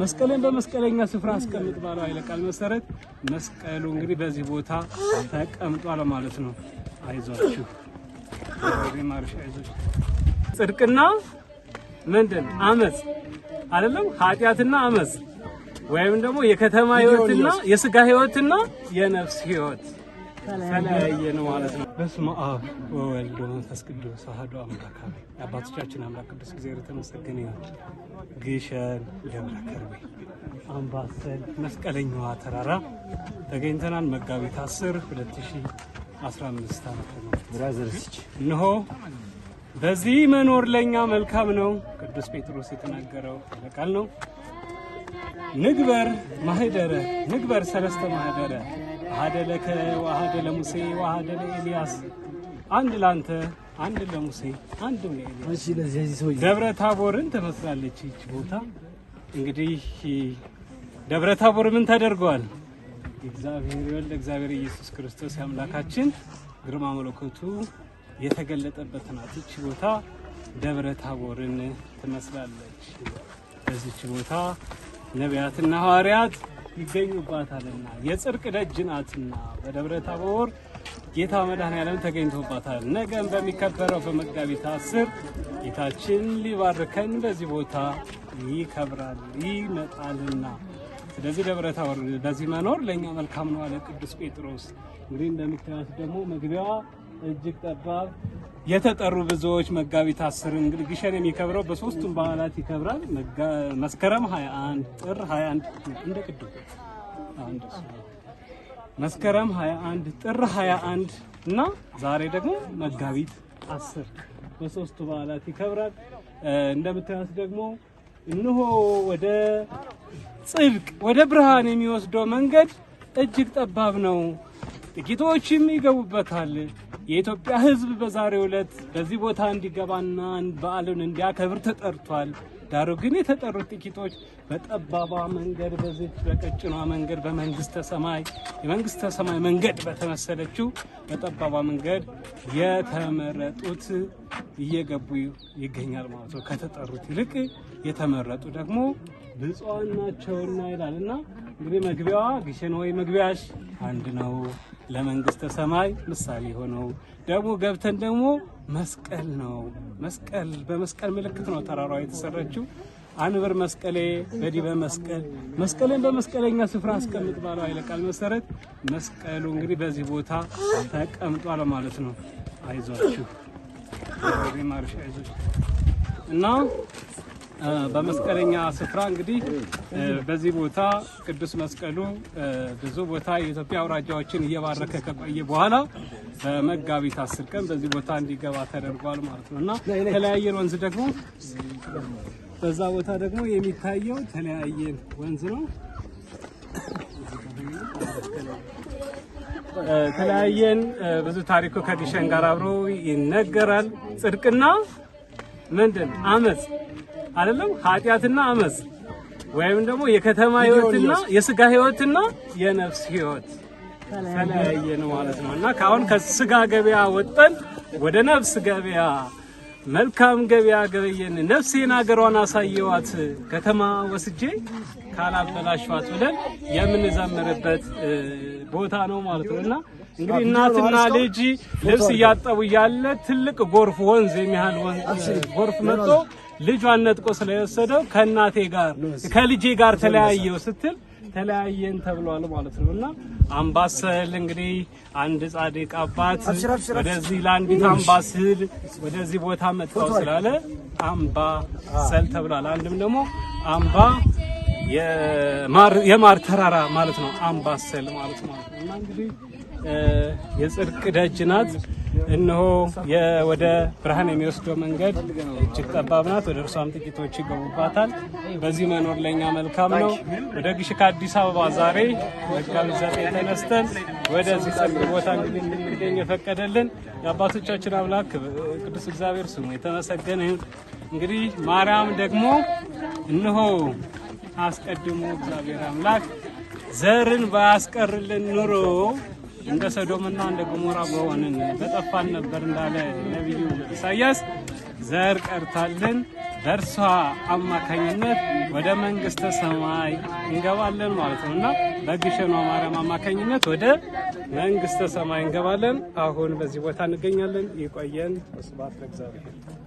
መስቀልን በመስቀለኛ ስፍራ አስቀምጥ ባለው ኃይለ ቃል መሰረት መስቀሉ እንግዲህ በዚህ ቦታ ተቀምጧል ማለት ነው። አይዟችሁ ማርሽ አይዞች። ጽድቅና ምንድን አመፅ አይደለም፣ ኃጢአትና አመፅ ወይም ደግሞ የከተማ ህይወትና የስጋ ህይወትና የነፍስ ህይወት ተለያየ ነው ማለት ነው። በስመ አብ ወወልድ ወመንፈስ ቅዱስ አሐዱ አምላክ አሜን። የአባቶቻችን አምላክ ቅዱስ እግዚአብሔር የተመሰገነ ይሁን። ግሸን ደብረ ከርቤ አምባሰል መስቀለኛዋ ተራራ ተገኝተናል። መጋቢት 10 2015 ዓመት ነው። እነሆ በዚህ መኖር ለእኛ መልካም ነው፣ ቅዱስ ጴጥሮስ የተናገረው ቃል ነው። ንግበር ማህደረ ንግበር ሰለስተ ማህደረ ዋሃደ ለከ ዋሃደ ለሙሴ ዋሃደ ለኤልያስ አንድ ላንተ አንድ ለሙሴ አንድ ለኤልያስ። ደብረ ታቦርን ትመስላለች ይች ቦታ። እንግዲህ ደብረ ታቦር ምን ተደርገዋል? እግዚአብሔር ወልድ እግዚአብሔር ኢየሱስ ክርስቶስ አምላካችን ግርማ መለኮቱ የተገለጠበት ናት። ይች ቦታ ደብረ ታቦርን ትመስላለች። በዚች ቦታ ነቢያትና ሐዋርያት ይገኙባታልና የጽርቅ ደጅ ናትና በደብረ ታቦር ጌታ መድኃኔዓለም ተገኝቶባታል። ነገም በሚከበረው በመጋቢት አስር ጌታችን ሊባርከን በዚህ ቦታ ይከብራል ይመጣልና፣ ስለዚህ ደብረ ታቦር በዚህ መኖር ለእኛ መልካም ነው አለ ቅዱስ ጴጥሮስ። እንግዲህ እንደሚታያት ደግሞ መግቢያዋ እጅግ ጠባብ የተጠሩ ብዙዎች መጋቢት አስር እንግዲህ ግሸን የሚከብረው በሶስቱም በዓላት ይከብራል። መስከረም 21 ጥር 21 እንደ ቅድም መስከረም 21 ጥር 21 እና ዛሬ ደግሞ መጋቢት አስር በሶስቱ በዓላት ይከብራል። እንደምታዩት ደግሞ እንሆ ወደ ጽድቅ ወደ ብርሃን የሚወስደው መንገድ እጅግ ጠባብ ነው፣ ጥቂቶችም ይገቡበታል የኢትዮጵያ ሕዝብ በዛሬው ዕለት በዚህ ቦታ እንዲገባና በዓሉን እንዲያከብር ተጠርቷል። ዳሩ ግን የተጠሩት ጥቂቶች በጠባቧ መንገድ በዚህ በቀጭኗ መንገድ በመንግስተ ሰማይ የመንግስተ ሰማይ መንገድ በተመሰለችው በጠባቧ መንገድ የተመረጡት እየገቡ ይገኛል ማለት ነው። ከተጠሩት ይልቅ የተመረጡ ደግሞ ብፁዓን ናቸውና ይላል እና እንግዲህ መግቢያዋ ግሸን ወይ መግቢያሽ አንድ ነው። ለመንግስተ ሰማይ ምሳሌ የሆነው ደግሞ ገብተን ደግሞ መስቀል ነው። መስቀል በመስቀል ምልክት ነው ተራራዋ የተሰራችው። አንብር መስቀሌ በዲበ መስቀል መስቀልን በመስቀለኛ ስፍራ አስቀምጥ ባለው ኃይለ ቃል መሰረት መስቀሉ እንግዲህ በዚህ ቦታ ተቀምጧል ማለት ነው። አይዟችሁ ማርሻ አይዞች እና በመስቀለኛ ስፍራ እንግዲህ በዚህ ቦታ ቅዱስ መስቀሉ ብዙ ቦታ የኢትዮጵያ አውራጃዎችን እየባረከ ከቆየ በኋላ በመጋቢት አስር ቀን በዚህ ቦታ እንዲገባ ተደርጓል ማለት ነው እና ተለያየን ወንዝ ደግሞ በዛ ቦታ ደግሞ የሚታየው ተለያየን ወንዝ ነው። ተለያየን ብዙ ታሪኩ ከግሸን ጋር አብሮ ይነገራል። ጽድቅና ምንድን አመፅ አይደለም ኃጢአትና አመፅ ወይም ደግሞ የከተማ ህይወትና የስጋ ህይወትና የነፍስ ህይወት ተለያየ ነው ማለት ነው እና ከአሁን ከስጋ ገበያ ወጠን ወደ ነፍስ ገበያ መልካም ገበያ ገበየን ነፍሴን አገሯን አሳየዋት ከተማ ወስጄ ካላበላሽዋት ብለን የምንዘምርበት ቦታ ነው ማለት ነው እና እንግዲህ እናትና ልጅ ልብስ እያጠቡ እያለ ትልቅ ጎርፍ ወንዝ የሚያህል ጎርፍ መጥቶ ልጇን ነጥቆ ስለወሰደው ከእናቴ ጋር ከልጄ ጋር ተለያየው ስትል ተለያየን ተብሏል ማለት ነው። እና አምባሰል እንግዲህ አንድ ጻድቅ አባት ወደዚህ ለአንዲት አምባሰል ወደዚህ ቦታ መጣው ስላለ አምባሰል ተብሏል። አንድም ደግሞ አምባ የማር ተራራ ማለት ነው። አምባሰል ማለት ነው። እና እንግዲህ የጽድቅ ደጅ ናት። እነሆ ወደ ብርሃን የሚወስደው መንገድ እጅግ ጠባብ ናት፣ ወደ እርሷም ጥቂቶች ይገቡባታል። በዚህ መኖር ለእኛ መልካም ነው። ወደ ግሽ ከአዲስ አበባ ዛሬ መጋቢት ዘጠኝ ተነስተን ወደዚህ ጸጥ ቦታ እንግዲህ እንድንገኝ የፈቀደልን የአባቶቻችን አምላክ ቅዱስ እግዚአብሔር ስሙ የተመሰገነ እንግዲህ ማርያም ደግሞ እነሆ አስቀድሞ እግዚአብሔር አምላክ ዘርን ባያስቀርልን ኑሮ እንደ ሰዶምና እንደ ገሞራ በሆንን በጠፋን ነበር እንዳለ ነቢዩ ኢሳያስ ዘር ቀርታልን በእርሷ አማካኝነት ወደ መንግስተ ሰማይ እንገባለን ማለት ነው እና በግሸኗ ማርያም አማካኝነት ወደ መንግስተ ሰማይ እንገባለን። አሁን በዚህ ቦታ እንገኛለን። ይቆየን። ስብሐት ለእግዚአብሔር።